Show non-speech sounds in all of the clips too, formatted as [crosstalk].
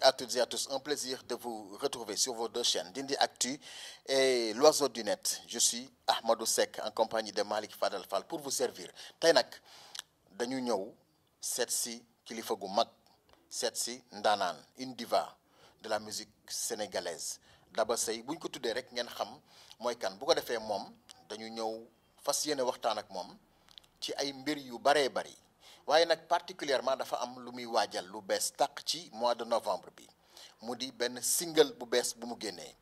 à toutes et à tous. Un plaisir de vous retrouver sur vos deux chaînes, Dindi Actu et L'Oiseau du Net. Je suis Ahmadou Sek en compagnie de Malik Fadal Fall pour vous servir. Tainak, nous dañu ñëw Kilifogou si kilifa gu une diva de la musique sénégalaise D'abord, Seye bu ñu ko tuddee rek ngeen xam mooy kan bu ko faire moom dañu ñëw ak ci ay mbir waaye nag particulièrement dafa am lu muy waajal lu bees tàq ci mois de novembre bi mu di benn single bu bees bu mu génnee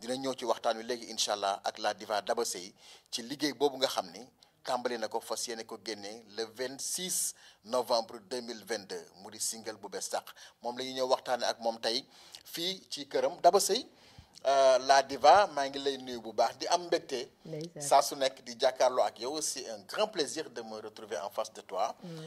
dina ñëw ci waxtaan wi léegi incha allah ak la diva Daba Sey ci liggéey boobu nga xam ni tàmbali na ko fas yéene ko génnee le 26 novembre 2022 mu di single bu bees tàq moom la ñuy ñëw waxtaane ak moom tey fii ci këram Daba Sey euh, la diva maa ngi lay nuyu bu baax di am mbégte. saa su nekk di jàkkaarloo ak yow c'est un grand plaisir de me retrouver en face de toi. Mm.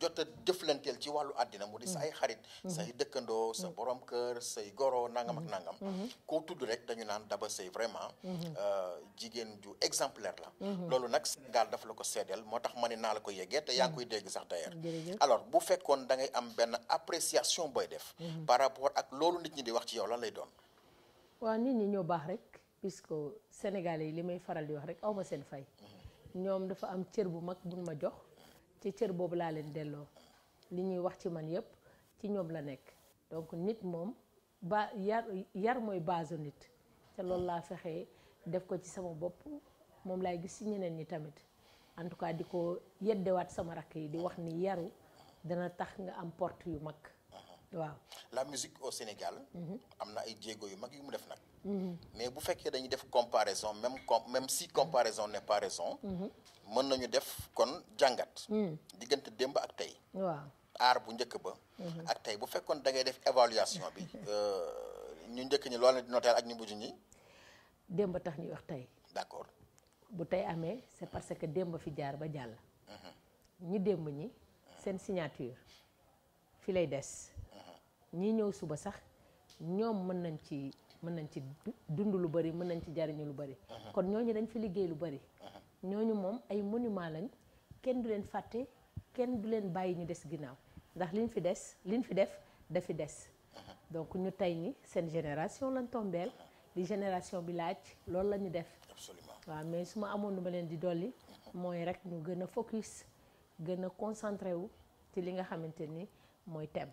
jotta a ci walu adina mu di mm-hmm. mm-hmm. sa xarit say dekkendo sa borom keur say goro nangam ak nangam mm-hmm. ko tudd rek dañu nan Daba say vraiment euh, jigen ju exemplaire la loolu nak Sénégal daf la ko seedeel moo tax ma la ko yeggé té yang koy dégg sax d'ailleurs alors bu fekkoon da ngay am ben appréciation boy def par rapport ak loolu nit ñi di wax ci yow lan lay doon wa nit ñi ñoo bax rek puisque sénégalais limay faral di wax rek awma sen fay ñom dafa am cër bu mag buñ ma jox ci cër boobu laa leen delloo li ñuy wax ci man yépp ci ñoom la nekk donc nit moom ba yar yar mooy base nit te loolu laa fexe def ko ci sama bopp moom laay gis ci ñeneen ñi tamit en tout cas di ko yeddewaat sama rakk yi di wax ni yaru dana tax nga am porte yu mag la musique au Sénégal. Mhm. amna na ay jéego yu mag yu def nak. Mhm. mais bu fekkee dañuy def comparaison même même si comparaison n'est pas raison. meun mhm. nañu def kon jangat. diggante démb ak tay. waaw Art bu ñëk ba. ak tay bu fekkoon da ngay def évaluation bi. [laughs] Euh, ñu ñëk ñi loolu di noteel ak ñi bu ñi. démb tax ñi wax tay. d'accord bu tay amé c'est parce que démb fi jaar ba jàll. ñi démb ñi seen signature fi lay dess. ñi ñëw suba sax ñoom mën nañ ci mën nañ ci dund lu bari mën nañ ci jariñu lu bari uh-huh. kon ñooñu dañ fi liggéey lu bari uh-huh. ñooñu moom ay monument lañ kenn du leen fàtte kenn du leen bàyyi ñu des ginnaaw ndax liñ fi des liñ fi def dafi des uh-huh. donc ñu tey ni seen génération lañ tombeel li génération bi laaj loolu la ñu def waaw mais su ma amoon lu ma leen di dolli mooy rek ñu gën a focus gën a concentré wu ci li nga xamante ni mooy thème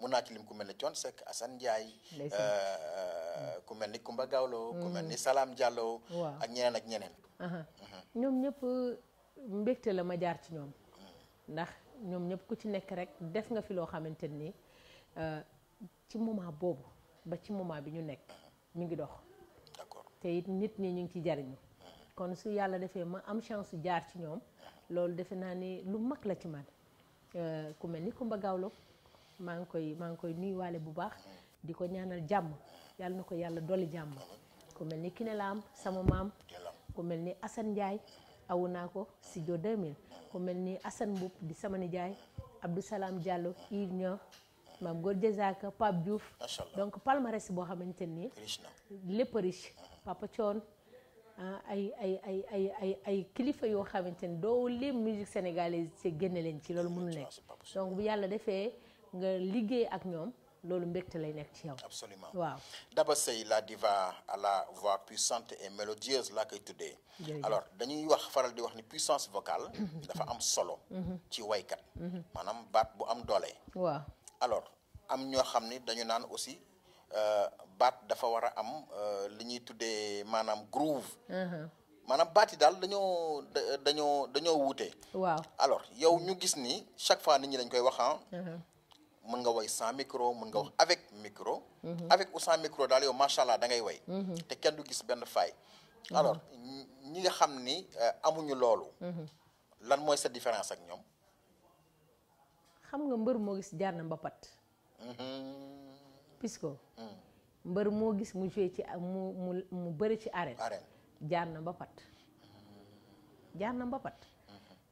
mun naa ci lim ku mel ni Thione Seck Assane Ndiaye. Euh, ku mel ni Kumba Gawlo. ku mel ni mm. salaam Diallo. ak ñeneen ak ñeneen. Mhm. ñoom ñëpp mbégte la ma jaar ci ñoom. Mm. ndax ñoom ñëpp ku ci nekk rek def nga fi loo xamante ni euh, ci moment boobu ba ci moment bi ñu nekk ñu mhm. ngi dox. d'accord te it nit ñi ñu ngi ci jariñu. Mhm. kon su yàlla defee ma am chance jaar ci ñoom. loolu defe naa ni lu mag la ci man euh, ku mel ni Kumba Gawlo. maa ngi koy maa ngi koy nuyuwaale bu baax di ko ñaanal jàmm yàlla na ko yàlla dolli jàmm ku mel ni Kiné sama maam ku mel ni Assane Ndiaye awu naa ko si studio 2000 ku mel ni Assane Mboup di sama nijaay Abdou Salam Diallo Yves Niang maam Góor Diazaka Pape donc palmarès boo xamante nii lépp riche Papa Thion ah, ay ay ay ay ay ay kilifa yoo xamante ni doo lim musique sénégalaise ci génne leen ci loolu mënul nekk donc bu yàlla defee nga liguey ak ñom lolu mbégte lay nek ci yow. absolument waaw Daba Seye la diva à la voix puissante et mélodieuse laa koy tuddee. alors dañuy wax faral di wax ni puissance vocale. [coughs] Mhm. dafa am solo. Mhm. ci way kat manam mhm. bat bu am dolé waaw alors am ño xamni dañu nan aussi euh bat dafa wara am euh liñuy tuddee manam groove. hmm manam yi dal dañoo dañoo dañoo wouté waaw alors yow ñu gis ni chaque fois nit ñi dañ koy wax ah. mën nga woy sans micro mën nga wax mm-hmm. avec micro. Mm-hmm. avec ou sans micro daal yow macha allah dangay woy. Mm-hmm. te kenn du gis benn faay. alors ñi nga xam ni euh, amuñu loolu. lan mooy sa différence ak ñoom. xam nga mbër moo gis jaar na mbapat. Pisco. Mm. moo gis mu joué ci mu mu mu bëri ci arène. jaar na mbapat. Mm. jaar na mbapat.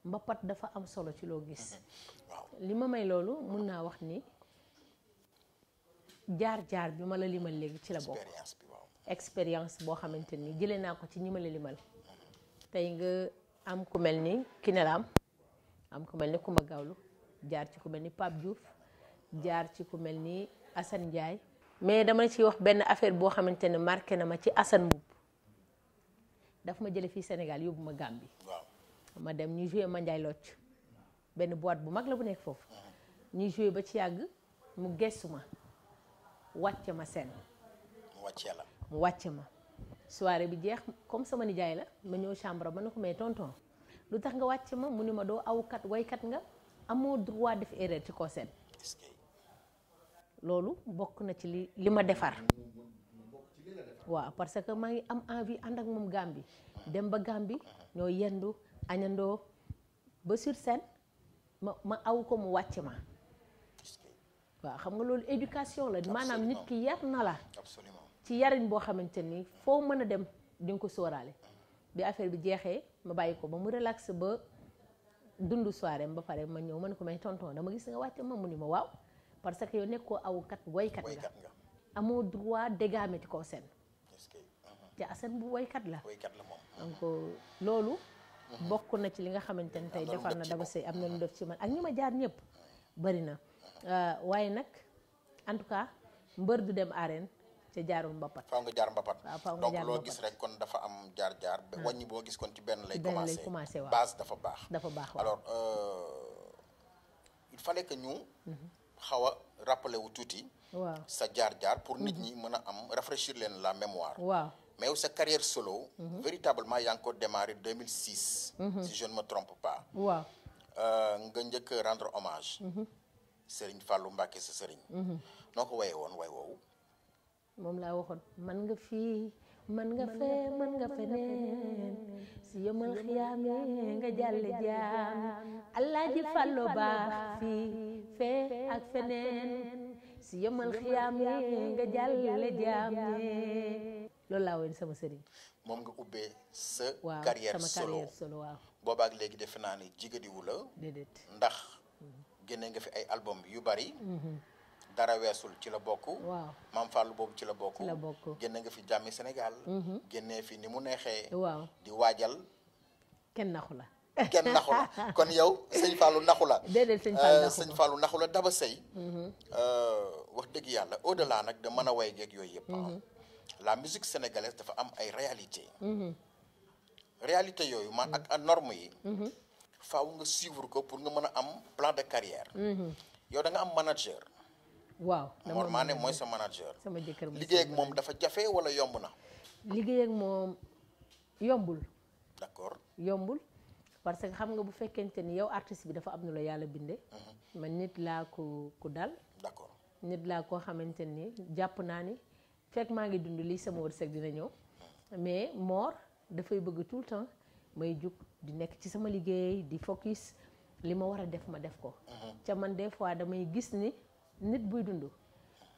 mbapat dafa am solo ci lo gis mhm. lima may loolu mën na wax ni jaar-jaar bi ma la limal legi ci la bok experience bo xamanteni jele na ko ci ñima la limal mhm. tay nga am ku melni ni Kinélam am ku melni ni Gawlu jaar ci ku melni ni Diouf jaar ci ku melni Assane Ndiaye mais dama ci wax ben affaire bo xamanteni marqué na ma ci Assane daf ma jele fi senegal yobuma Gambie ma dem ñu joué Mandiaye Lodge benn boîte bu mag la bu nekk foofu ñu ba ci yàgg mu gestu ma wàcce ma seen mu wàcce mu wàcce ma soirée bi jeex comme sama nijaay la ma ñëw chambre ma ne ko mais tonton lu tax nga wàcce ma mu ni ma doo awkat woykat nga amoo droit def erreur ci kaw seen loolu bokk na ci li li ma defar waaw parce que maa ngi am envie ànd ak moom Gàmbi dem ba Gàmbi ñoo yendu añandoo ba sur scène ma ma aw ko mu wàcc ma waaw xam nga loolu éducation la maanaam nit ki yar na la ci yariñ boo xamante ni foo mën a dem di ko sóoraale bi affaire bi jeexee ma bàyyi ko ba mu relax ba dund soirée ba pare ma ñëw man ko may tonton dama gis nga wàcc ma mu ni ma waaw parce que yow nekkoo awkat woykat nga amoo droit dégaame ci kaw seen uh-huh. te Assane bu woykat la donc loolu bokk na ci li nga xamante ne tey defar na Daba Seye am na lu def ci man ak ñi ma jaar ñëpp bari na euh, waaye nag en tout cas mbër du dem arène ca jaarul mbapat faaw nga jaar mbapat donc loo gis rek kon dafa am jaar jaar hmm. wàññi boo gis kon ci benn lay commencé waaw base dafa baax dafa baax waaw euh, il fallait que ñu hmm. xaw a rappelé wu tuuti waaw sa jaar jaar pour nit hmm. ñi mën a am rafraîchir leen la mémoire waaw mais sa carrière solo. Mhm. véritablement il a encore démarré 2006. Mhm. si je ne me trompe pas. Euh, nga que rendre hommage. Mhm. Serigne Fallou Mbacke sa Serigne. noo donc wayee woon way woowu. moom laa waxoon man nga fii man nga fee man nga feneen si yomal xiyaam nga jàlle jaam allah ji fallo ba fi fee ak feneen si yomal xiyaam nga jàlle jaam loolu laa woon sama sëriñ. moom nga ubbee sa. carrière solo waaw sama carrière solo léegi defe naa ne jigadiwu la. ndax. Mhm. génne nga fi ay album yu bari. Mhm. dara weesul ci la bokk. waaw maam Fallou boobu ci la bokk. ci la génne nga fi jàmmi senegal mhm. génnee fi ni mu neexee. waaw di waajal. kenn naxu la. kenn naxu la [laughs] kon yow sëñ Fallou naxu la. déedéet sëñ euh, Fallou naxu la sëñ euh, wax dëgg yàlla au delà nag da mën a way geeg yooyu yëpp. Ah. la musique sénégalaise dafa am ay réalité mhm. réalité yooyu man ak norme yi mhm. faaw nga suivre ko pour nga mën a am plan de carrière mhm. yow da nga am manager waaw Mor Mané mooy sa manager sama liggéey ak moom dafa jafe wala yomb na liggéey ak moom yombul d'accord yombul parce que xam nga bu fekkente ni yow artiste bi dafa am nu la yàlla binde man nit laa ko ku dal d'accord nit laa koo xamante ni jàpp naa ni fekk maa ngi dund lii sama wërsëg dina ñëw mais moor dafay bëgg tout le temps may jug di nekk ci sama liggéey di focus li ma war a def ma def ko. Mhm. ca man des fois damay gis ni nit buy dund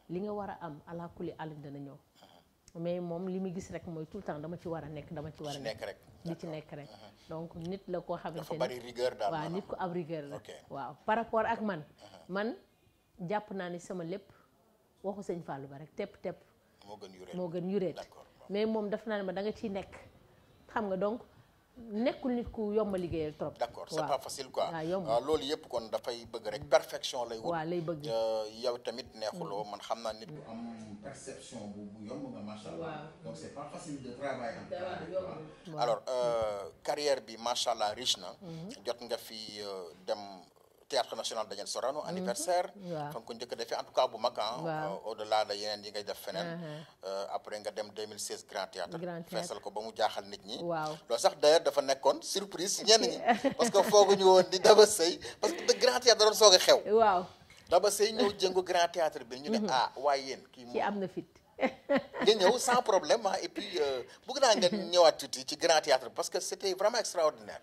li nga war a am ala kulli àll dana ñëw. Mhm. mais moom li mu gis rek mooy tout le temps dama ci war a nekk dama ci war a nekk rek ci nekk rek mhm. donc nit la koo xamante ni dafa bari rigueur daal waaw nit ko ab rigueur la waaw par rapport ak man man jàpp naa ne sama lépp waxu sëñ Fallou ba rek tepp tepp moo gën yuréet mais mom daf naa ma da nga ci nek. xam nga donc nekul nit ku yom a trop. d'accord c'est pas facile quoi. waaw euh, loolu yëpp kon fay bëgg rek perfection lay. waaw lay bëgg euh, yow tamit neexuloo mm. man xam naa nit. Mm. am perception bu bu yomb nga macha donc c'est pas facile de travailler. alors euh carrière bi machallah riche na. Mm-hmm. jot nga fi euh, dem théâtre national Daniel Sorano mhm. anniversaire Donc on ko njëkk defee en tout cas bu mag hein, euh, au delà de yeneen yi ngay def feneen mhm. euh, après nga dem 2016 grand théâtre feesal ko ba mu jaaxal nit ñi waaw loolu sax d'ailleurs dafa nekkoon surprise ñenn ñi [laughs] parce que nous woon ni daba parce que le grand théâtre da doon soog a xew waaw daba sëy ñëw grand théâtre bi ñu ne mhm. ah Wayen. yéen kii moom am fit [laughs] sans problème ah, et puis euh, bëgg naa nga ñëwaat tuuti ci grand théâtre parce que c'était vraiment extraordinaire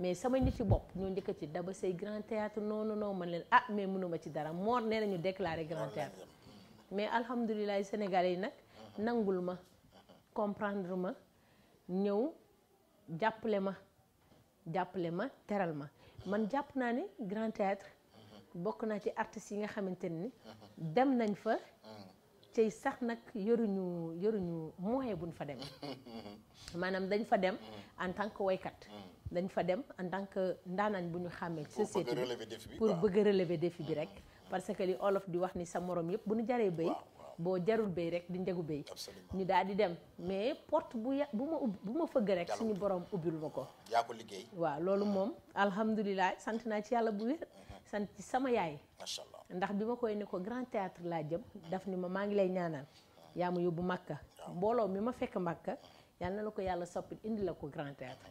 mais sama nit yu bopp ñoo njëkk ci daba say grand théâtre noonu non man leen ah mais mënuma ci dara moor nee nañu déclaré grand théâtre mais alhamdulilah sénégalais yi nag nangul ma comprendre ma ñëw jàppale ma jàppale ma teral ma man jàpp naa ne grand théâtre bokk naa ci artistes yi nga xamante ni dem nañ fa cay sax nag yoruñu yoruñu moyen buñ fa dem [laughs] maanaam dañ fa dem en tant que woykat dañ fa dem en tant que ndaanaan bu ñu xàmmee ci société bi pour bëgg a relever défi bi rek parce que li olof di wax ni sa moroom yëpp bu ñu jaree béy boo jarul béy rek di njëgu béy ñu daal di dem mais port bu ya bu ma ub bu ma fëgg rek suñu borom ubbil ma ko yaa ko liggéey waaw loolu moom alhamdulilah sant naa ci yàlla bu wér mhm. ci sama yaay ndax bi ma koy ne ko grand laa jëm daf ma maa ngi lay ñaanal yaa ma yóbbu màkka mbooloo mi ma fekk màkka yal na la ko yàlla soppit indi la ko grand théâtre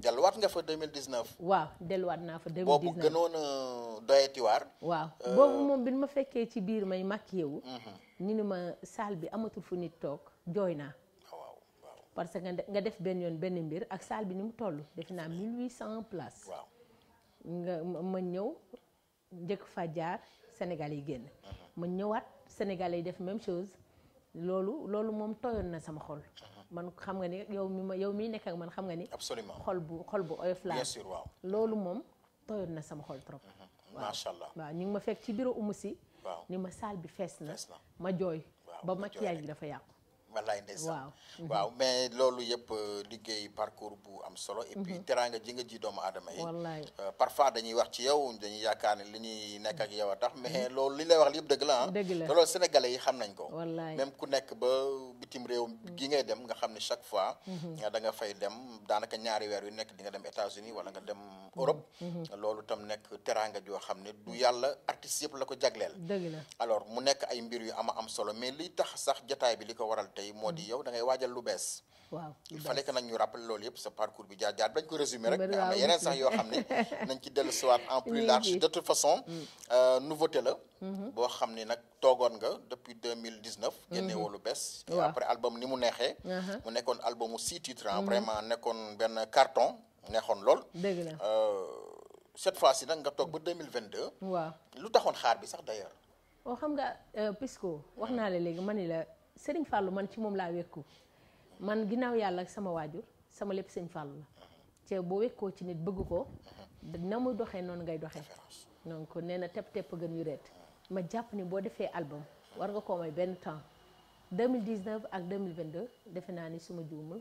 delluwaat nga fa 2019. waaw delluwaat naa fa 2019 boobu gënoon a waaw euh, boobu moom bi ma fekkee ci biir may maquillé wu. Mhm. ñu ne ma salle bi amatul fu nit toog jooy naa. Ah, waaw parce que nga def benn yoon benn mbir ak salle bi ni mu toll defe naa 1800 cent place nga ma ñëw njëkk fa jaar senegal yi génn. Mhm. ma ñëwaat Sénégal yi def même chose loolu loolu moom tooyoon na sama xol. Mhm. man xam nga ni yow mi ma yow mii nekk man xam nga ni. absolument xol bu xol bu oyof laa. bien sûr loolu moom tooyoon na sama xol trop. Mhm. macha allah waaw ñu ngi ma fekk ci bureau umu si. waaw ni ma saal bi fees na. ma jooy ba maquillage yi dafa yàqu. wallaay ndeysaan mm-hmm. waaw mais loolu yëpp euh, liggéey parcours bu am solo et puis mm-hmm. teraanga ji nga ji doomu aadama yi euh, parfois dañuy wax ci yow dañuy yaakaar ne li ñuy nekk ak yow a tax mais mm-hmm. loolu li lay wax yëpp dëgg la ah te loolu sénégalais yi xam nañ ko même ku nekk ba bitim réew gi ngay dem nga xam ne chaque fois da nga fay dem daanaka ñaari weer yu nekk di nga dem États-Unis wala nga dem Europe loolu tam nekk teraanga joo xam ne du yàlla artiste yëpp la ko jagleel alors mu modi yow da ngay waajal lu bess waaw il fallait que nak ñu rappel lool yépp ce parcours bi jaar jaar bañ ko résumer rek am na yeneen sax yo xamné [laughs] nañ ci dellu siwaat en plus large de toute façon mm. euh nouveauté la mm-hmm. bo xamné nak togon nga depuis 2019 mm-hmm. génne woo lu bees après album ni mu nexé uh-huh. mu nékkon album six titres hein. mm-hmm. vraiment nékkon ben carton neexoon lool euh cette fois ci nak nga tok ba 2022 waaw lu taxone xaar bi sax d'ailleurs oo oh, xam nga euh, Pisco wax naa la léegi ma ni la sëriñ fàllu man ci moom laa wékku man ginaaw yàlla ak sama waajur sama lépp sëñ fàllu la te boo wékkoo ci nit bëgg ko na muy doxee noonu ngay doxe donc nee na tepp tepp gën yu reet ma jàpp ni boo defee album war nga koo may benn temps 2019 ak 2022 defe naa ni suma juumul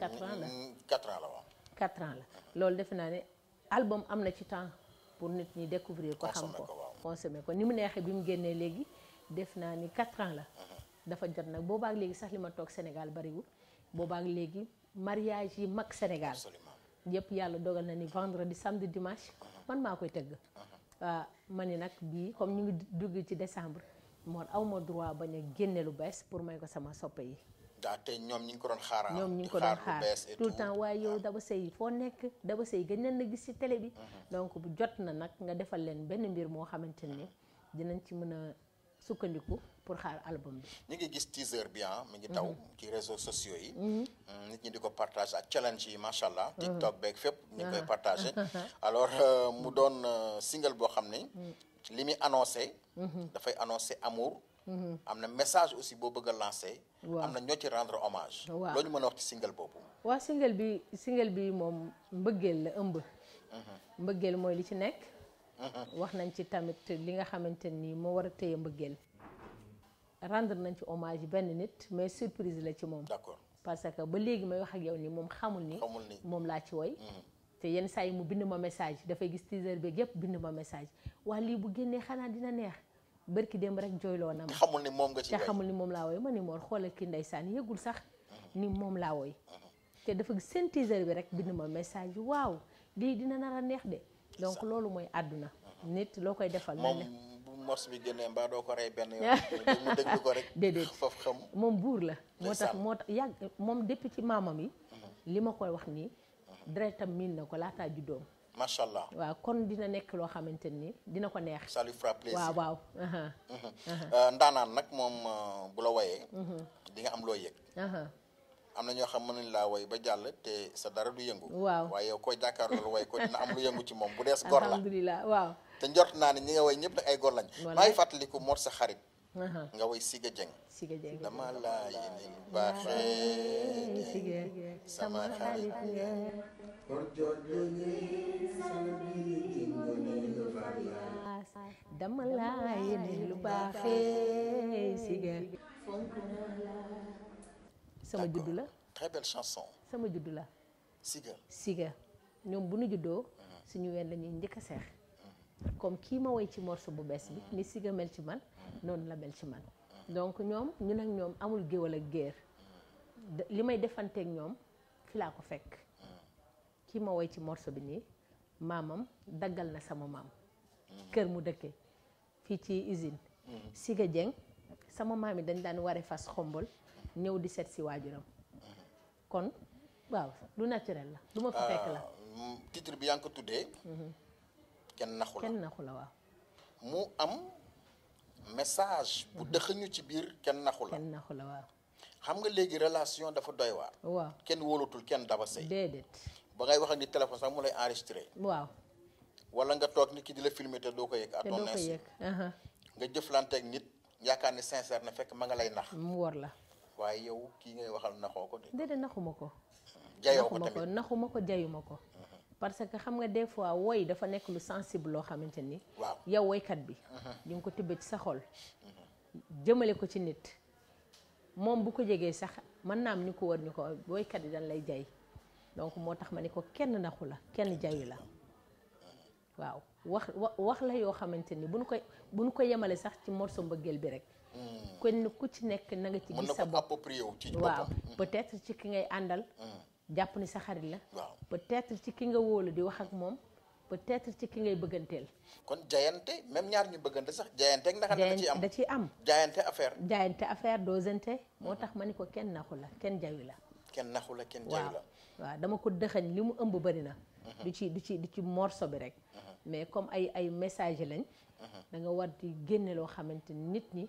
4 la 4 mm, ans la loolu defe naa ne album am na ci temps pour nit ñi découvrir ko xam ko ko ni mu neexee bi mu génnee léegi def naa ni 4 ans la mm-hmm. dafa jot nag boobaak léegi sax li ma toog Sénégal bariwul boobaak léegi mariage yi mag Sénégal yëpp yàlla dogal na ni vendredi samedi dimanche man maa koy tëgg waaw uh-huh. ah, ma ni nag bii comme ñu ngi dugg ci décembre moon aw ma droit bañ a génne lu bees pour may ko sama soppe yi daa te ngi ko doon xaar tout le temps waaye yow ah. Daba Seye foo nekk Daba Seye gën nañ la gis ci télé bi uh-huh. donc bu jot na nag nga defal leen benn mbir moo xamante ne dinañ ci mën a sukkandiku pour xaar album bi. ñu ngi gis teaser bi ah. mu ngi mhm. ci réseaux sociaux yi. Mhm. Mm, nit ñi di ko partage ak challenge yi macha allah. Mhm. TikTok beeg fépp ñu koy partagé. [laughs] alors euh, mu doon euh, single boo xam ne. li muy annoncé. dafay annoncé amour. am na message aussi boo bëgg a lancé. am na ñoo ci rendre hommage. waaw loo ñu mën a wax ci single boobu. waaw single bi single bi moom mbëggeel la ëmb. mbëggeel mooy li ci nekk. wax nañ ci tamit li nga xamante nii moo war a téye mbëggeel rendre nañ ci hommage benn nit mais surprise la ci moom d'accord parce que ba léegi may wax ak yow ni moom xamul ni moom laa ci woy mm-hmm. te yenn saa mu bind ma message dafay gis teaser beeg yëpp bind ma message waa lii bu génnee xanaa dina neex bërki démb rek jooyloo na ma te xamul ni moom laa woy ma ni moor xoolal ki ndeysaan yëgul sax mm-hmm. ni moom laa woy mm-hmm. te dafa gis seen teaser bi rek bind ma message waaw lii dina nar a neex de donc loolu mooy àdduna. nit loo koy defal. moom bu mors bi génnee mbaa doo ko rey benn yoon. [laughs] mu déglu ko rek. déedéet moom buur la. moo tax moo yàgg moom depuis ci maamam yi. Mhm. li ma koy wax nii. deretam miin na ko laataa juddoom. macha allah waaw kon dina nekk loo xamante ni dina ko neex. ça lui fera waaw waaw. Mhm. Uh-huh. Uh-huh. Euh, ndaanaan nag moom euh, bu la woyee. Mhm. dinga am loo yëg. Uh-huh. am na ñoo xam mën nañ laa woy ba jàll te sa dara du yëngu. waaw waaye yow koo jàkkaarloo woy ko dina am lu yëngu ci moom bu dees gor la alhamdulilah waaw. te njort naa ne ñi nga ñëpp nag ay gor lañ. voilà maa ngi fàttaliku Mor sa xarit. nga woy Siga Dieng. dama laa yéenil lu baaxee Siga. sama juddu la très sama juddu la. Siga Siga ñoom bu nu juddoo. Mhm. suñu ween lañuy ñuy njëkk a seex. Mhm. comme kii ma woy ci morceau bu bees bi mhm. ni Siga mel ci man noonu la mel ci man. donc ñoom ñun ak ñoom amul géwal ak géer li may defanteek ñoom fi laa ko fekk. kii ma woy ci morceau bi nii maamam daggal na sama maam. kër mu dëkke fii ci usine. Siga Dieng sama maam yi dañ daan ware fas xombol ñëw di seet si waajuram kon waaw lu naturel la lu ma fi fekk la euh, titre bi yaa ngi ko tuddee mhm. kenn naxu la kenn naxu la waaw mu am message bu mhm. dëxëñu ci biir kenn naxu la kenn naxu xam nga léegi relation dafa doy waar waaw kenn wóolatul kenn daba sëy déedéet ba ngay wax ak ni téléphone sax mu lay enregistré waaw wala nga toog nit ki di la filmer te doo ko yëg at doo ko nga jëflante ak nit yaakaar ni sincère na fekk ma nga lay nax mu wor la waaye yow kii ngay waxal naxoo ko. déedéet naxuma ko. jayoo ko naxuma ko jayuma ko. Mhm. parce que xam nga des fois woy dafa nekk lu sensible loo xamante ni. waaw yow woykat bi. ñu mhm. ngi ko tibbee ci sa xol. Mhm. jëmale ko ci nit. moom bu ko jegee sax mën naa am ñu ko war ñu ko woykat yi dañ lay jay donc moo tax ma ne ko kenn naxu la kenn jayu la waaw wax wax la yoo xamante ni bu ñu koy bu nu ko yemale sax ci morso mbëggeel bi rek. kenn ku ci nekk na nga ci gis sa bopp waaw mm. peut-être ci ki ngay àndal mm. jàpp ni sa xarit la peut-être ci ki nga wóolu di wax ak moom peut-être ci ki ngay bëgganteel kon jaayante même ñaar ñu bëggante sax jaayante ak ndax da ciy am da ciy am jaayante affaire jaayante affaire mm. moo tax ma ni ko kenn naxu la kenn jawi la kenn naxu la kenn jawi la waaw dama ko dëxañ li mu ëmb bari na mm-hmm. du ci du ci du ci morso bi rek mm-hmm. mais comme ay ay message lañ mm-hmm. danga nga war di génne loo xamante nit ñi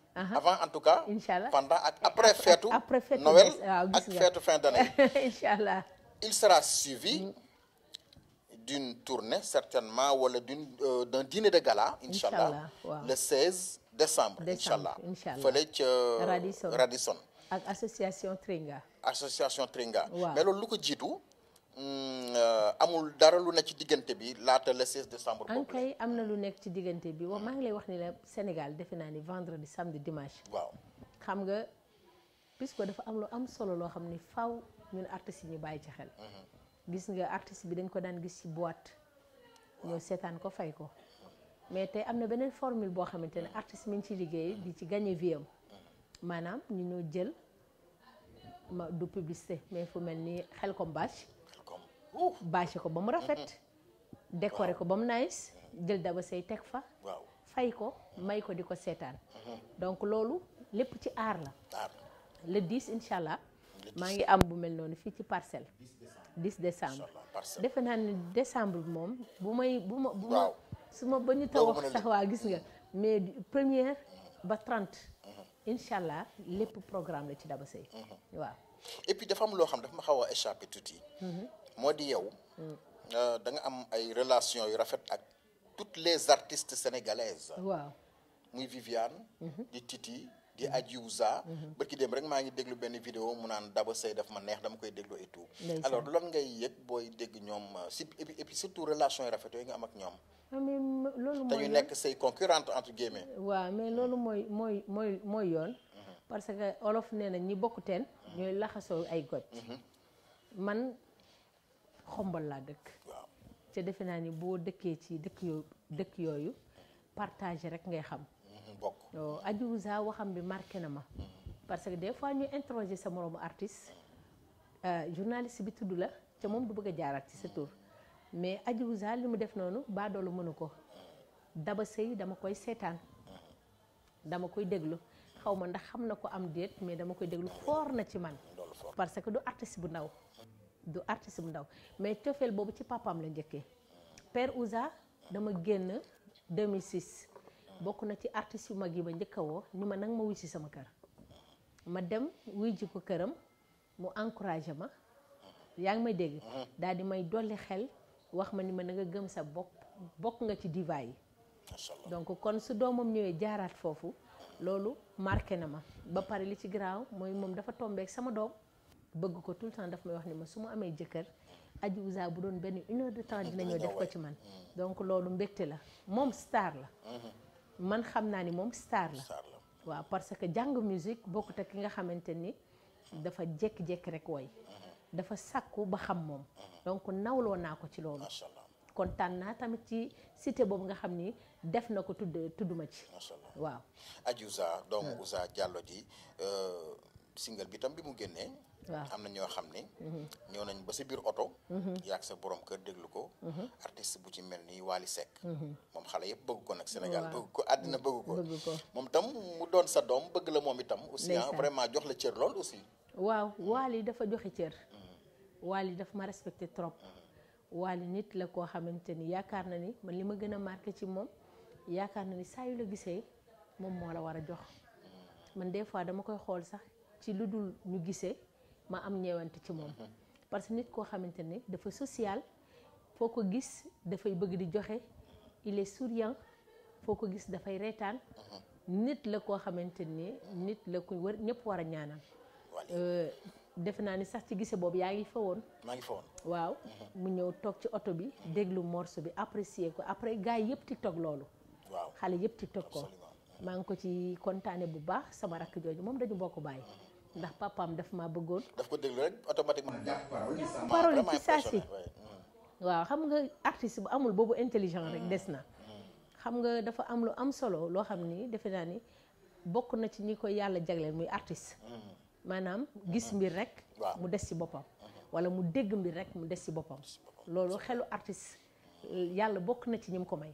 Uh-huh. avant en tout cas. pendant eh, après fête après Noël ah, ak fête fin d'année. [laughs] il sera suivi. Mm. d'une tournée certainement ou euh, d'un dîner de gala. le 16 décembre. inshallah. Radisson Avec association Tringa. association Tringa. mais le look ko Hmm, euh, amul dara lu ne ci diggante bi laata le 16 am na lu nekk ci diggante bi wax maa ngi lay wax ni la Sénégal defe naa ni vendredi samedi dimanche. waaw xam nga ko dafa am lu am solo loo xam ni faw ñun artistes yi ñu bàyyi ci xel. Mhm. gis nga artis bi dañ ko daan gis ci boite ñëw seetaan ko fay ko mais te am na beneen formule boo xamante ne artiste mi ngi ci liggéey di ci gagné vie maanaam ñu ñoo jël ma du publicité mais fu mel ni xel comme bâche bâché ko ba mu rafet mm-hmm. décoré ko ba mu nice mm-hmm. jël daba say teg fa fay ko may ko di ko seetaan mm-hmm. donc loolu lépp ci aar la le 10 incha allah maa ngi am bu mel noonu fii ci parcelle 10 décembre defe naan ne décembre bi moom bu may bu ma bu ma su ma ba ñu sax waa gis nga mais première ba 30 incha lépp programme la ci daba say waaw et puis loo xam dafa ma xaw a échappé tuuti moo di yow euh, da nga am ay relation yu rafet ak toutes les artistes sénégalaises waaw muy Viviane mhm. di Titi di Adiouza mhm. barki dem rek maa ngi déglu benn vidéo mu naan Daba Sey daf ma neex dama koy déglu et tout alors lan ngay yëg booy dégg ñoom euh, si et puis surtout relation yu rafet yooyu nga am ak ñoom ah, mais loolu mooy yoon nekk say concurrente entre guillemets. waaw mais loolu mhm. mooy mooy mooy mooy yoon. parce que olof nee na ñi bokk teen. ñooy laxasoo ay goj man xombal laa dëkk te defe naa ni boo dëkkee ci dëkk yooyu partage rek ngay xam mm-hmm, bokk oh, Adiouza waxam bi marqué na ma mm-hmm. parce que des fois ñu interroger sa moroomu artiste euh, journaliste bi tudd la te moom du bëgg a jaaraat ci sa tur mais Adiouza li mu def noonu baadoolu mënu ko daba sëy dama koy seetaan mm-hmm. dama koy déglu xaw ma ndax xam na ko am déet mais dama koy déglu xoor na ci man parce que du artiste bu ndaw du artiste bu ndaw mais cofeel boobu ci papaam la njëkkee Père Ouza dama génn 2006 bokk na ci artistes yu mag yi ma njëkk woo ni ma nag ma wuy si sama kër ma dem wuy ko këram mu encouragé ma yaa ngi may dégg daal di may dolli xel wax ma ni ma na nga gëm sa bopp bokk nga ci diva yi donc kon su doomam ñëwee jaaraat foofu loolu marqué na ma ba pare li ci garaaw mooy moom dafa tombeek sama doom bëgg ko tout le temps daf may wax ni ma su ma amee jëkkër aji ousa bu doon benn une heure de temps dinañoo def ko ci man donc loolu mbégte la moom star la man xam naa ni moom star la waaw parce que jàng musique bokkut ak ki nga xamante ni dafa jékki rek woy dafa sàkku ba xam moom donc nawloo naa ko ci loolu kontaan naa tamit ci cité boobu nga xam ni def na ko tudd ma ci waaw aji ousa doomu hmm. ousa jàllo ji euh, single bi tam bi mu génnee am na ñoo xam ne mhm. ñëw nañ ba sa biir oto mhm. yaag sa borom kër déglu ko mhm. artiste bu ci mel ni Wally Seck moom xale yëpp bëgg ko nag Sénégal bëgg ko àddina bëgg ko moom itam mu doon sa doom bëgg la moom itam aussi ah, vraiment jox la cër lool aussi waaw Wally dafa la koo xamante ni yaakaar na ni man li ma gën a marqué ci moom yaakaar na ni la gisee moom moo la war a jox man des fois dama koy xool sax ci lu dul ñu gisee ma am ñeewante ci moom parce que nit koo xamante ne dafa social foo ko gis dafay bëgg di joxe il est souriant foo ko gis dafay reetaan nit la koo xamante ne nit la ku war ñëpp war a ñaanal euh, defe naa ni sax ci gise boobu yaa ngi fa woon maa waaw mhm. mu ñëw toog ci oto bi déglu morceau bi apprécier ko après gars yi yëpp TikTok loolu waaw xale yëpp TikTok ko maa ngi ko ci kontaane bu baax sama rakk jooju moom dañu bokk bàyyi ndax papaam daf ma bëggoon. daf ko déglu rek parole ci hmm. waaw xam nga artiste bu amul boobu intelligent rek des na. xam nga dafa am lu am solo loo xam ni defe naa ni bokk na ci ñi ko yàlla jagleel muy artiste. Hmm. maanaam gis hmm. mbir rek. mu des ci boppam. wala mu dégg mbir rek mu des ci boppam. loolu xelu artiste yàlla bokk na ci ñi mu ko may.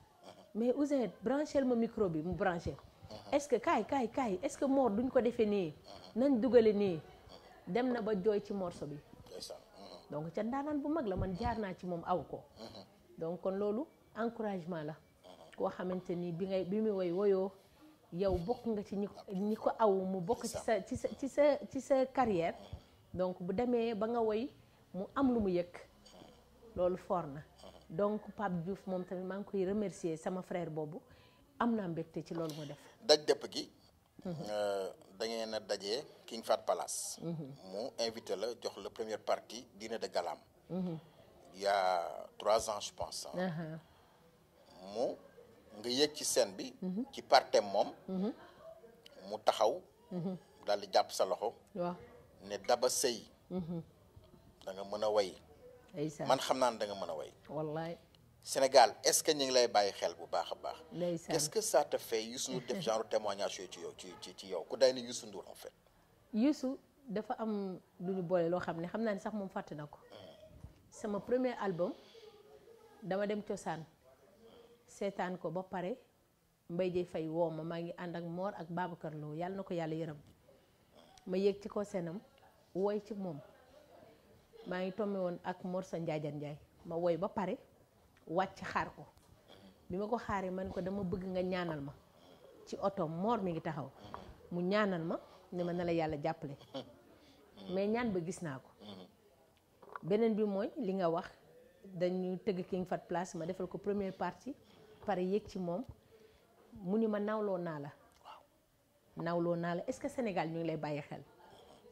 mais Ouzin branchel ma micro bi mu branché uh-huh. est-ce que kaay kaay kaay est-ce que Mor duñ ko defee nii uh-huh. nañ dugale nii dem na ba jooy ci morso bi uh-huh. donc ca ndaanaan bu mag la man jaar naa ci moom aw ko donc kon loolu encouragement la koo xamante ni bi ngay bi muy woy woyoo yow bokk nga ci ñi ñi ko aw mu bokk ci sa ci sa ci sa ci sa carrière donc bu demee ba nga woy mu am lu mu yëg loolu foor na donc Pape Diouf mom tamit maa koy remercier sama frère bobu amna naa ci loolu mo def. daj depp gi. Euh, da ngeen a King Fat Palace. Mhm. mu invité la jox le première partie dîner de galam. Mhm. il y a trois ans je pense. Hein. Mo, nga yéeg ci scène bi. Mhm. ci partem mom mu taxaw. dal di japp sa loxo. wa ne Daba Sey. da nga mën way. man xam naa ne da nga mën a way wallaay Sénégal est-ce que ñu ngi lay bàyyi xel bu baax a baax est-ce que ça te fait Youssou Ndour def [laughs] genre témoignage yooyu ci yow ci ci ci yow ku day ni Youssou Ndour en fait Youssou dafa am lu ñu boole loo xam ne xam naa ne sax moom fàtte na ko hmm. sama premier album dama dem cosaan seetaan ko ba pare mbay Dieye Faye woo ma maa ngi ànd ak moor ak Babacar yàlla na ko yàlla yaram ma yéeg ci ko seenam woy ci moom maa ngi tombé woon ak Mor Sa Ndiadiane ma woy ba pare wàcc xaar ko bi ma ko xaaree man ko dama bëgg nga ñaanal ma ci oto Mor mi ngi taxaw mu ñaanal ma ne ma na la yàlla jàppale mais ñaan ba gis naa ko beneen bi mooy li nga wax dañu tëgg King Fat Place ma defal ko première partie pare yéeg ci moom mu ni ma nawloo naa la nawloo naa la est-ce que Sénégal ñu ngi lay bàyyi xel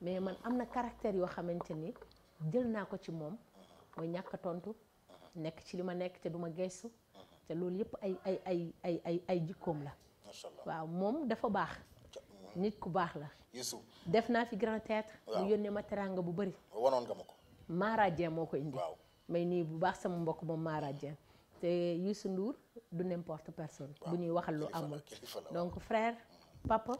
mais man am na caractère yoo xamante ni jël naa ko ci moom mooy ñàkk tontu nekk ci li ma nekk ci du ma geestu te loolu yëpp ay ay ay ay ay ay jikkoom la. waaw moom dafa baax. nit ku baax la. def naa fi grand théâtre mu yónnee ma teranga bu bëri. wanoon Mara Dieng moo ko indi. may nii bu baax sama mbokk moom Mara Dieng te Youssou Ndour du n'importe personne. bu ñuy waxal lu amul donc frère papa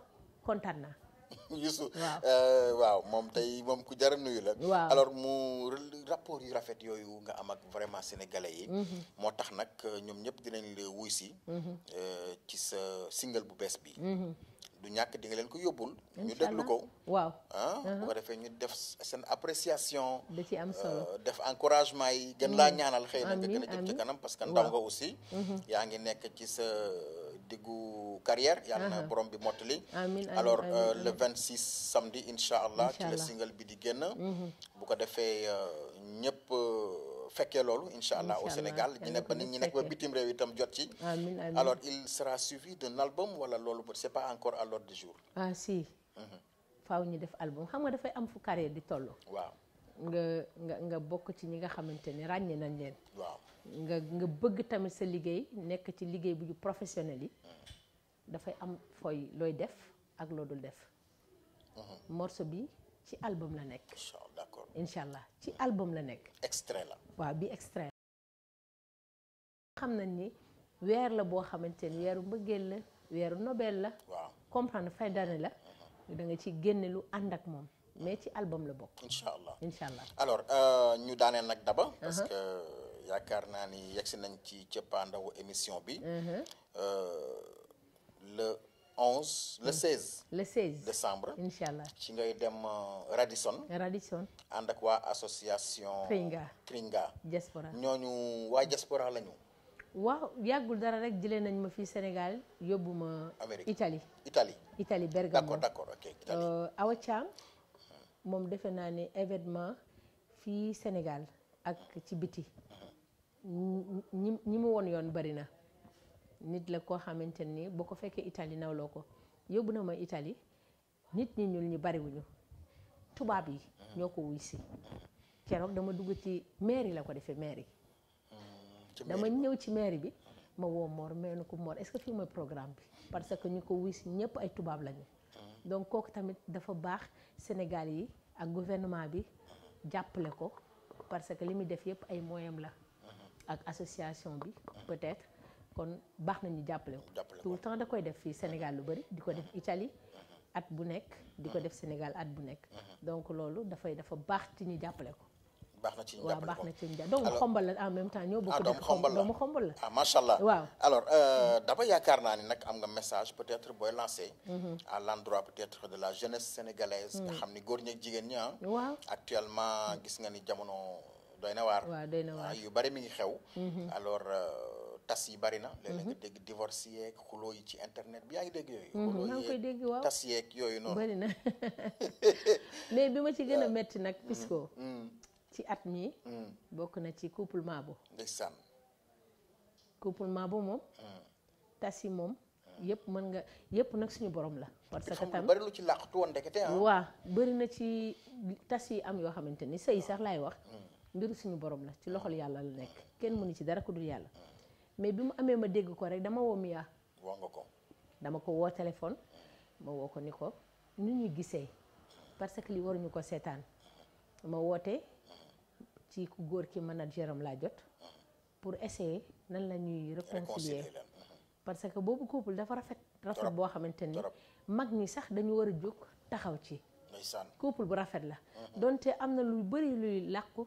kontaan naa. [laughs] Youssou euh, waaw moom tey moom ku jar a nuyu la. waaw alors mu rapport yu rafet yooyu nga am ak vraiment sénégalais yi. Mhm. moo tax nag euh, ñoom ñëpp dinañ la wuy si. Mhm. Euh, ci sa single bu bees bi. Mhm. du ñàkk di nga leen ko yóbbul. ñu déglu ko. waaw ah bu uh-huh. ko defee ñu def seen appréciation. da ci am def encouragement yi. gën laa mm. ñaanal xëy na nga gën a jëm ci kanam. parce que ndaw nga aussi. yaa ngi nekk ci sa. diggu carrière yàlla na borom bi mottali alors euh, le 26 samedi incha tu ci single bi di génn mhm. bu ko defé euh, ñëpp euh, fekkee loolu incha au Sénégal ñi nekk ba ñi nek ba bitim rew itam jot ci alors il sera suivi d'un album wala lolu c'est pas encore à l'ordre du jour ah si mhm. faaw ñu def album xam nga fay am fu carrière di tollu waaw nga nga nga ci ñi nga xamanteni ragné nañ leen waaw nga nga bëgg tamit sa liggéey nekk ci liggéey bu ñu professionnel yi dafay am fooy looy def ak loo dul def mhm. morceau bi ci album la nekk d'accord allah ci album la nekk extrait la waaw bi extrait xam nañ ni weer la boo xamante ni weeru mbëggeel la weeru nobel la waaw comprendre fin la mhm. danga nga ci génne lu ànd ak moom mais ci album la bokk incha allah incha euh, ñu daaneel nag daba parce uh-huh. que yaakaar naa ni yegsi nañ ci cëppaandawu émission bi. Mhm. Euh, le onze le mm. seize. le seize décembre. incha allah ci ngay dem euh, Radisson. Radisson ànd ak waa association. Kringa Kringa. diaspora ñooñu waa diaspora lañu. waaw yàggul dara rek jëlee nañ ma fii Sénégal yóbbu ma. Amérique itali Italie. Italie Bergamo d' accord d' ok Italie. Euh, moom defe naa ni événement fii Sénégal ak ci biti. ñi ñi mu woon yoon bari na nit la koo xamante ni boo ko fekkee itali nawloo ko yóbbu na ma itali nit ñi ñuul ñu bariwuñu tubaab yi ñoo ko wuy si keroog dama dugg ci mairie la ko defee mairie dama ñëw ci mairie bi ma woo moor mais na ko Mor est-ce que fii mooy programme bi parce que ñu ko wuy si ñëpp ay tubaab lañu donc kooku tamit dafa baax Sénégal yi ak gouvernement bi jàppale ko parce que li muy def yëpp ay moyam la ak association bi peut-être kon baax nañu jàppale ko tout temps da koy def fi Sénégal lu bari diko def Italie at bu nek diko def Sénégal at bu nek donc lolu da fay dafa bax ci ñu jàppale ko baax na ci ñu jàppale ko na ci ñu jàppale xombal la en même temps ñoo bokk ah, doomu xombal la doomu xombal la ah, allah waaw alors euh, dama yaakaar naa ni nag am nga message peut-être boy lancer mhm. à l'endroit peut-être de la jeunesse sénégalaise mhm. nga xamni ni ñi ak jigen ñi ah waaw actuellement gis nga ni jamono doy na waar waaw na waar yu bari mi ngi xew mhm. alors euh, tas yi bari na léeg nga mhm. dégg divorce yeeg xuloo yi ci internet bi yaa ngi dégg yooyu mhm, xuloo maa ngi koy dégg waaw tas yooyu noonu bari na [laughs] mais ci gën a nag Pisco at mi na ci couple Mabo ndeysaan couple Mabo tas yi moom yëpp mën nga yëpp nag suñu borom la. parce que tam ci làqtu woon ndekete ah. waaw bari na ci tas yi am yoo xamante ni sëy sax laay wax. mbiru suñu borom la ci loxol yàlla la nekk kenn mënu ci dara ku dul yàlla mais bi mu amee ma dégg ko rek dama woo Mia. ko. dama ko woo téléphone ma woo ko ni ko nu ñuy gisee parce que li waruñu ko seetaan ma wootee ci ku góor ki manager am laa jot pour essayer nan la ñuy réconcilier parce que boobu couple dafa rafet rafet boo xamante ni mag ñi sax dañu war a jóg taxaw ci couple bu rafet la mm-hmm. donte am na lu bëri luy làkku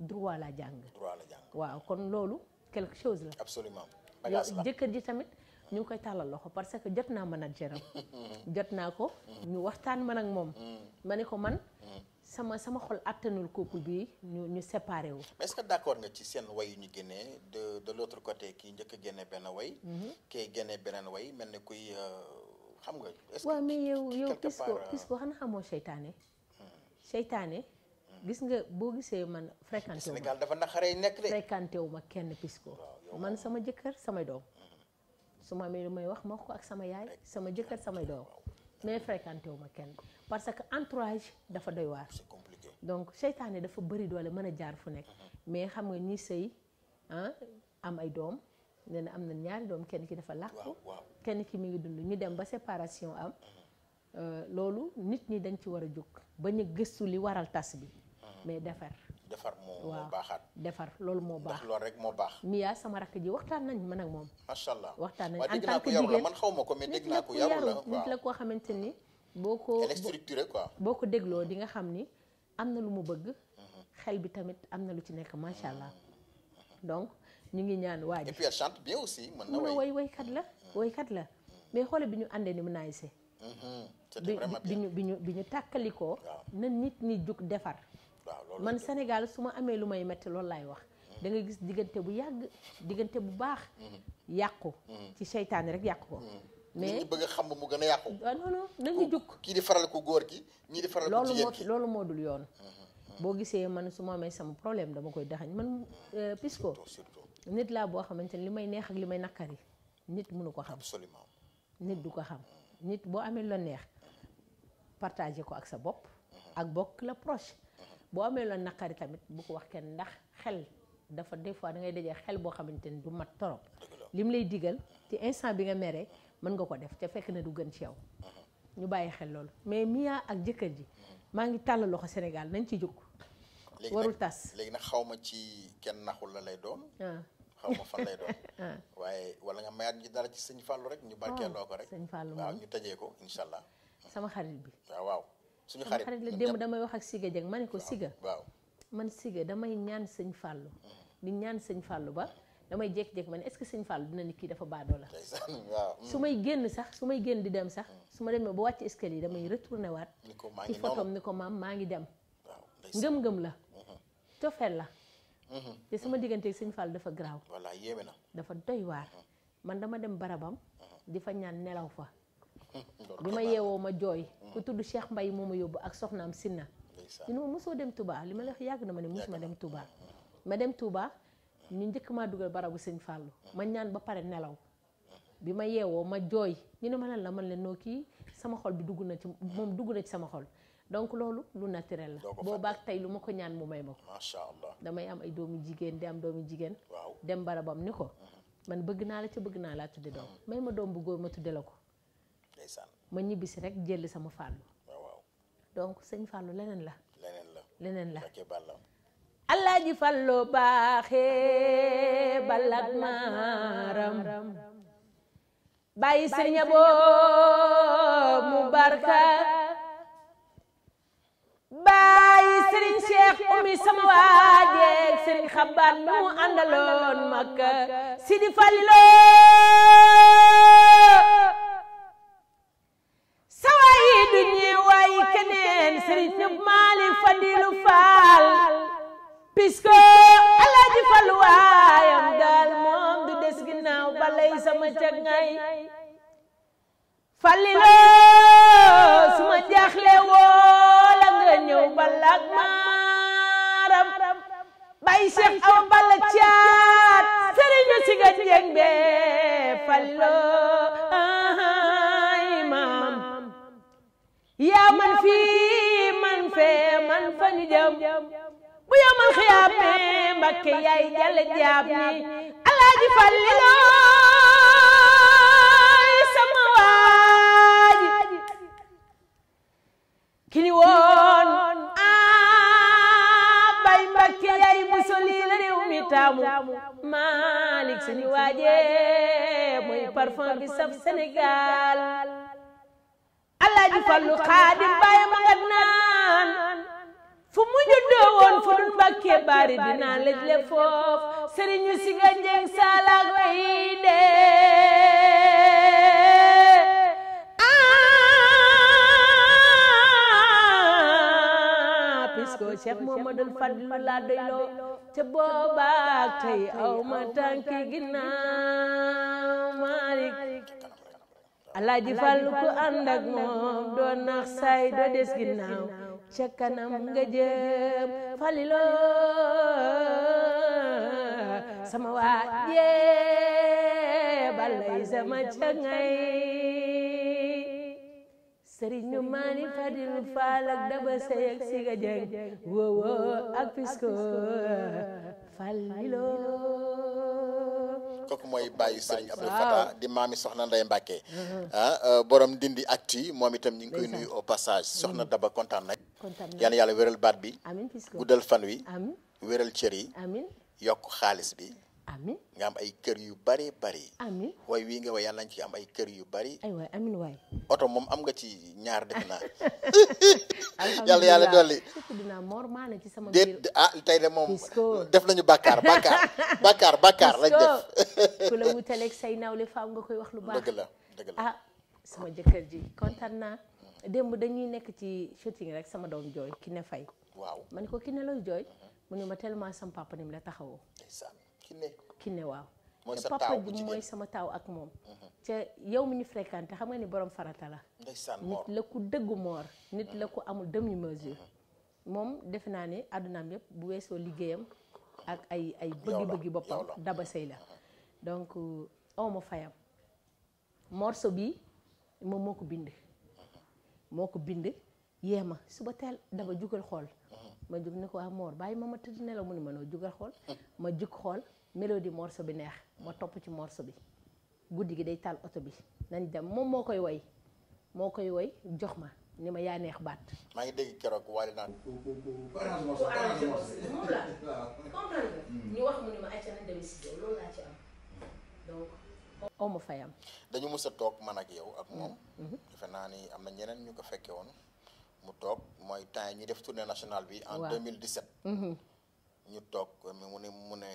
droit la jàng. droit la waaw kon loolu quelque chose la. absolument bagage jëkkër ji tamit ñu ngi koy tàllal loxo parce que jot naa manager am [laughs] jot naa ko. ñu waxtaan man ak moom. Mm. ma ne ko man. Mm. sama sama xol attanul couple bi ñu ñu séparé wu. mais est-ce que d'accord nga ci seen way yu ñu génnee de côté kii njëkk a génne benn way. Mm-hmm. kii génne beneen way mel ni kuy euh, xam nga. est-ce que waaw mais yow yow ko pis ko xanaa xamoo seytaane. Hmm. seytaane. gis nga bo gisee man fréquenté Sénégal dafa naxaré nek de. fréquenté wu ma kenn Pisco man sama jëkkeur sama doom suma ma may wax mako ak sama yaay sama jëkkeur sama doom mais fréquenté wu ma kenn parce que entourage dafa doy waar. c'est compliqué donc cheytane dafa bëri doole mëna jaar fu nek mais xam nga ñi sey ah am ay doom nee na am na ñaari doom kenn ki dafa làqu. kenn ki mi ngi dund ñu dem ba séparation am. Euh, lolu nit ñi dañ ci wara juk ba ñu li waral tass bi. mais defar. defar moo moo baaxaat defar loolu moo baax ndax loolu rek moo baax. sama rakk ji waxtaan nañ man ak moom. macha allah waxtaan nañ en tant xaw ma ko mais dégg naa ko yaru la nit la koo xamante ni. boo ko structuré boo ko dégloo di nga xam ni am na lu mu bëgg. Mhm. xel bi tamit am na lu ci nekk macha allah mhm. Mhm. donc ñu ngi ñaan waa ji. et puis elle waykat la waykat la mais xoole bi ñu àndee ni mu naay see. bi ñu bi ñu bi ñu tàkkalikoo na nit ñi jug defar. man senegal suma amé amee lu may metti loolu lay wax hmm. da nga gis digënté bu yàgg digënté bu baax hmm. yàqu hmm. ci seytaane rek yàqu mais ñi bëgg xam mu gëna a ah, non non nañ ñu juk ki di faral ko goor gi ñi di faral ko jigéen ki loolu modul yoon bo gisé man suma amé sama problème dama koy daxañ man euh, Pisco nit la bo xamanteni limay neex ak limay nakari nit mënu ko xam absolument nit du ko xam nit bo amé lo neex partager ko ak sa bop ak bok la proche bo amé lo nakari tamit bu ko wax ken ndax xel dafa des fois da ngay dajé xel bo xamante du mat torop lim lay digal ci instant bi nga méré man nga ko def te fekk na du gën ci yow mhm. ñu bàyyi xel lool mais miya ak jëkkeer ji mhm. ma ngi tàll loxo Sénégal nañ ci juk warul tass légui nak xawma ci ken naxul la lay doon ah. xawma fan lay doon [laughs] ah. waaye wala nga mayat ñu dara ci seigne Fallou rek ñu barkeeloo ko rek ah, seigne Fallou waaw ñu tajé ko inshallah sama xarit bi waaw suñu xarit la démb damay wax ak Siga Dieng ma ne ko Siga. man Siga damay ñaan sëñ fàllu mm-hmm. di ñaan sëñ Fallou ba damay jékki-jékki ma ne ce que sëñ Fallou dina ni kii dafa baadoo la. su may génn sax su may génn di dem sax. Mm-hmm. su ma demee ba wàcc escalier yi damay retourné waat. ci fotom ni ko maam maa ngi dem. ngëm-ngëm la. Mm-hmm. cofeel la. te sama diggante ak sëñ Fallou dafa garaaw. dafa doy man dama dem barabam. di fa ñaan nelaw fa. bi ma yeewoo ma jooy mm. ku tudd Cheikh mbay moo ma yóbbu ak soxnaam Sinna ñu ne ma mosoo dem tubaa li ma la yàgg na ma ne mosuma dem Touba ma dem Touba ñu njëkk maa dugal barabu sëñ Fallou mm. ma ñaan ba pare nelaw bi ma yeewoo ma jooy ñu ma lan la man leen kii sama xol bi dugg na ci moom dugg na sama xol donc loolu lu naturel la boobaak tey lu ma ko ñaan mu may ma ko damay am ay doomu jigéen di am doomu jigéen waaw dem barabam ni ko mm-hmm. man bëgg naa la ca bëgg naa laa tudde doom mm-hmm. may ma doom bu ma tudde la ko ma ñibbisi rek jël sama fàllu waaw donc sëñ leneen la leneen la leneen la alaaji fàllu baaxee balak maaram bàyyi sëñ boo mu barka bàyyi sëriñ Cheikh Oumy sama waajeeg sëriñ xabaat mu àndaloon makka Sidi Falliloo ñëpp Malick Fadilou Fall puisque Alaaji Fallu waayam daal moom du des ginnaaw balay sama cag ngay Fallilo suma jaaxle woo la nga ñëw balak maaram bay Cheikh Awa Balla caat sëriñu si nga njëg bee Fallilo yaa man fii ñu jëm bu yomal Mbakke yaay jàlle jaam ni Alaaji Fallilu sama waaji kini woon abay Mbakke yaay bu soli la réew mi taamu Malik waaje mooy parfum bi saf Sénégal Alaaji Fallu Xaadim baye ma nga fu mu juddoo woon fu dul mbàkkee bari dinaa lëj le foof sëriñu si nga saalaak lay dee ah puisque Cheikh Momadou Fadlu laa doyloo ca boobaak tey aw ma tànki ginnaaw Malick Alaaji Fàllu ku ànd moom doo nax say doo des ginnaaw ca kanam nga jëm falilo sama waa yee balay sama ca ngay sëriñ maani fadil faal daba sey ak siga jeng wowo ak fisko falilo kooku mooy bàyyi sëriñ Abdou Fatah di maami soxna Ndeye Mbacke uh-huh. ah, ah borom dindi acti moom itam ñu koy nuyu au passage soxna Daba kontaan yal na yàlla wéral baat bi guddal fan wi wéral cër yi yokk xaalis bi am ay kër yu bari bari amin wii nga way yàlla nañ ci am ay kër yu bari ay waay oto moom am nga ci ñaar def naa yàlla [laughs] yàlla dolli dinaa ci sama déet ah tey de moom def nañu bàkkaar bàkkaar [laughs] bàkkaar bàkkaar lañ def [laughs] ku la wutaleeg say nawle faaw nga koy wax lu baax la dëgg la ah sama ji démb dañuy nekk ci shooting rek sama doom jooy ki ne fay. waaw ma ne ko ki ne jooy. Mhm. mu ne ma tellement sam papa ni mu la taxawoo. ndeysaan ki ne. ki mooy sama taaw ak moom. ca mhm. yow mu ñu fréquenté xam nga ni boroom farata la. ndeysaan nit la ku dëggu moor. nit la mhm. ku amul demi mesure. moom defe naa ne àddunaam yëpp bu weesoo liggéeyam ak ay ay bëggi-bëggi boppam daba sëy la donc aw ma fayam morceau bi moom moo ko bind moo ko bind yee ma suba teel dama jugal xool ma jug ni ko ah Mor bàyyi ma ma tëdd nelaw mu ne ma noo jugal xool ma jug xool mélodie morceau bi neex ma topp ci morso bi guddi gi day taal oto bi nañ dem moom moo koy woy moo koy woy jox ma ni ma yaa neex baat. maa ngi dégg keroog waaye naan. aw ma fayam. dañu mës a toog man ak yow ak moom. Mm-hmm. Mm-hmm. defe naa ni am na ñeneen ñu ko fekke woon mu toog mooy temps yi ñuy def tournée nationale bi. en 2017. Mm-hmm. ñu toog mu ne mu ne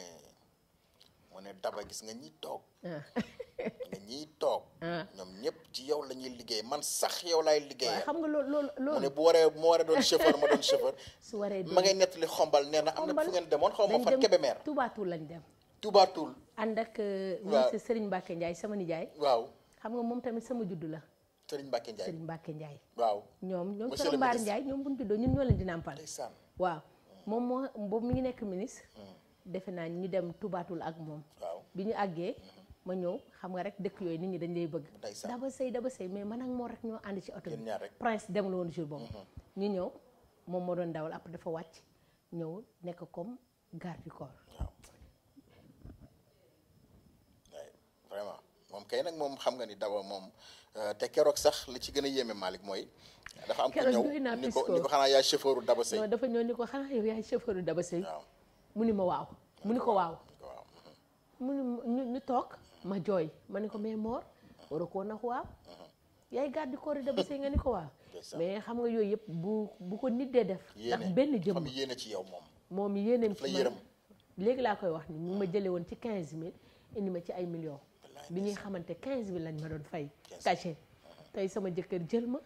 mu ne daba gis nga ñiy toog. Ah. [laughs] nga ñiy toog. Ah. ñoom ñëpp ci yow la ñuy liggéey man sax yow laay liggéeyal. xam ma doon chauffeur. [laughs] su waree ma ngay nettali xombal nee na am na fu ngeen demoon xaw ma fan. Kébémer Touba Toul lañ dem. Touba anda ke waaw monsieur Serigne Mbacke sama nijaay. waaw xam nga moom tamit sama juddu la. Serigne Mbacke Ndiaye Serigne Mbacke Ndiaye. waaw ñoom ñoom Serigne Mbaar nyom ñoom bu ñu juddoo ñun ñoo leen di nàmpal. definan moom mi ngi ministre. Hmm. ñu dem tubaatul ak moom. waaw bi ñu àggee. ma hmm. ñëw xam nga rek dëkk yooyu nit ñi dañ lay bëgg. daba sëy daba sëy mais man ak rek ñoo ànd ci oto prince dem la woon jour boobu. Hmm. ñu ñëw moom moo doon dawal après dafa wàcc ñëw nekk comme garde du corps. moom kay nag moom xam nga ni daba moom euh, te keroog sax li ci gën a yéeme Malick mooy. dafa am ku ñëw ni ko ni ko xanaa yaay dafa ñëw ni ko xanaa yow yaay chauffeur Daba Seye. mu ni ma waaw. mu ni ko waaw. mu ni ñu toog ma jooy ma ni ko mais Mor. waroo koo nax waaw. yaay gàddu koori Daba Seye nga ni ko waaw. mais xam nga yooyu yëpp bu bu ko nit dee def. ndax benn jëm moom yéene ci yow moom. moom yéeneem ci léegi laa koy wax ni mu ma jëlee woon ci 15000 indi ma ci ay millions. bi ñuy xamante 15000 lañ ma doon fay. cachet tey sama jëkkër jël ma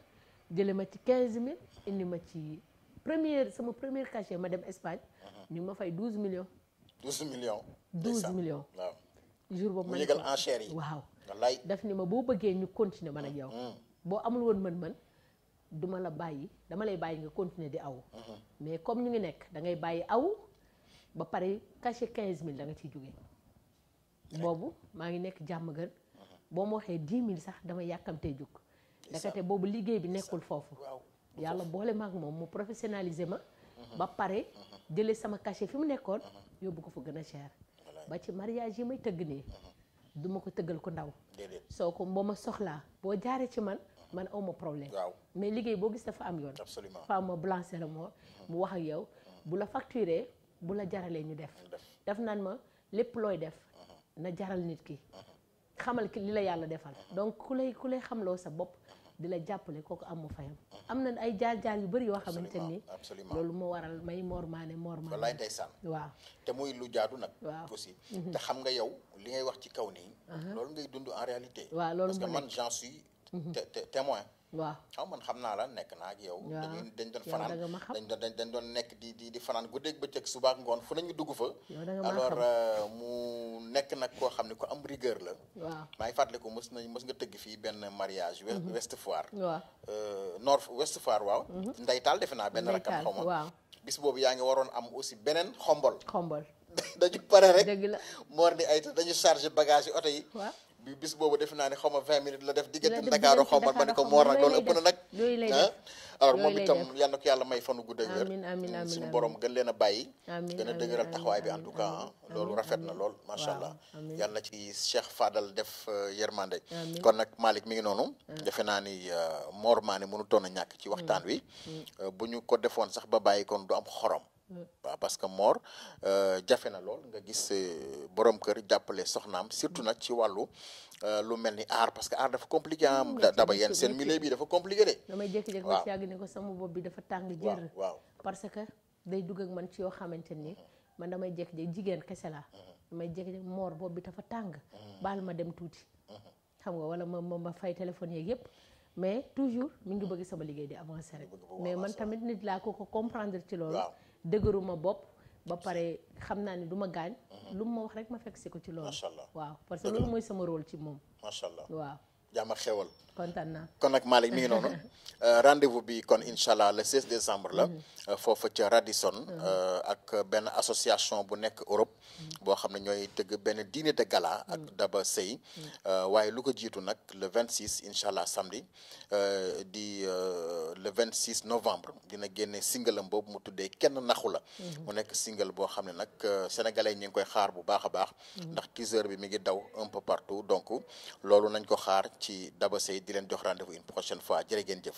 jële ma ci 15000 indi ma ci première sama première cachet ma dem Espagne. Uh-huh. ni ma fay 12 millions. 12 million jour boobu ma ne ko mu waaw. wallaay daf ni ma boo bëggee ñu continuer man ak yow. Mm-hmm. boo amul woon mën-mën duma la bàyyi dama lay bàyyi nga continuer di aw. Mm-hmm. mais comme ñu ngi nekk da ngay bàyyi aw ba pare cachet 15000 da nga ciy jógee. boobu maa ngi nekk jàmm gën boo ma waxee dix mille sax dama yàkkamtee jug ndekete boobu liggéey bi nekkul foofu yàlla boole maag moom mu professionnalisé ma ba pare jële sama cachet fi mu nekkoon yóbbu ko fa gën a cher ba ci mariage yi may tëgg nii duma ko tëggal ko ndaw soo ko boo ma soxlaa boo jaaree ci man man aw ma problème mais liggéey boo gis dafa am yoon dafa am ma blanché la moo mu wax ak yow mm-hmm. bu la facturé bu la jaralee ñu def daf naan ma lépp looy def na jaral nit ki xamal ki li la yàlla defal donc ku lay ku lay xamloo sa bopp di la jàppale kooku am mu fayam am na ay jaar-jaar yu bëri yoo xamante ni loolu ma waral may Mor Mané Mor Mané walaay ndeysaan waa te muy lu jaadu nag waa aussi mhm. te xam nga yow li ngay wax ci kaw nii loolu ngay dund en réalité waaw loolu parce que man j'en suis mhm. témoin waaw aw man xam naa la nekk naa ak yow. dañu dañ doon fanaan dañ doon dañ doon nekk di di di fanaan guddeeg bëccëg suba ak ngoon fu nañu dugg fa. alors euh, mu nekk nag koo xam ne ku am rigueur la. waaw maa ngi fàttaliku mës nañ nga tëgg fii benn mariage. Mhm. West Foire. waaw euh, Nord West Foire waaw. Mhm. Ndeye Tall defe naa benn rakkam xaw ma waaw. boobu yaa ngi waroon am aussi beneen xombol. xombol [laughs] dañu pare rek. dëgg la Mor ni ay dañu chargé bagage yi oto yi. bi bis boobu defe naa ne xaw ma vingt minutes la def diggante Ndakaaru xaw ma ma ne ko moor nag loolu ëpp na nag ah alors moom itam yal na ko yàlla may fanu gudd ak wér suñu borom gën leen a bàyyi gën a dëgëral taxawaay bi en tout cas loolu rafet na lool macha allah yal na ci Cheikh Fadal def euh, yërmande kon nag Malick mi ngi noonu ah. defe naa ni euh, moor maa ne mënu toon a ñàkk ci waxtaan mm. wi mm. Euh, bu ñu ko defoon sax ba bàyyi kon du am xorom mm. parce que Mor euh, jafe na lool nga gis euh, borom kër jàppale soxnaam surtout nag ci wàllu euh, lu mel ni aar parce que aar dafa compliqué am. Ah, mm, daba yéen seen milieu bi dafa compliqué de. damay jékki-jékki ba si ko sama bopp bi dafa tàng jër. waaw parce que day dugg ak man ci yoo xamante nii mm-hmm. man damay jékki-jékki jigéen kese laa. Mm-hmm. may jékki-jékki Mor bopp bi dafa tàng. Mm-hmm. baal ma dem tuuti. xam nga wala ma ma fay téléphone yeeg yëpp. mais toujours mi ngi bëgg sama liggéey di avancer rek mais man tamit nit laa ko ko comprendre ci loolu dëgëruma bopp ba pare xam naa ni duma gaañ. lu mu ma wax rek ma fekk si ko ci loolu. macha allah waaw parce que loolu mooy sama rôle ci moom. macha allah waaw jaama xewal. kon nak Malick mi ngi noonu [laughs] euh, rendez-vous bi kon inshallah le 16 décembre la mm-hmm. euh, fofu ci Radisson mm-hmm. euh, ak ben association bu nek Europe mm-hmm. bo xam ñoy teug ben dîner de gala ak Daba Sey waye lu ko jiitu nag le 26 inshallah samedi di le 26 novembre dina génne single am mu tuddé kenn naxu la mu nek single bo xam nak sénégalais ñi ngi koy xaar bu baaxa baax ndax teaser bi mi ngi daw un peu partout donc lolu nañ ko xaar ci Daba Sey di leen jox rendez-vous une prochaine fois jërë ngeen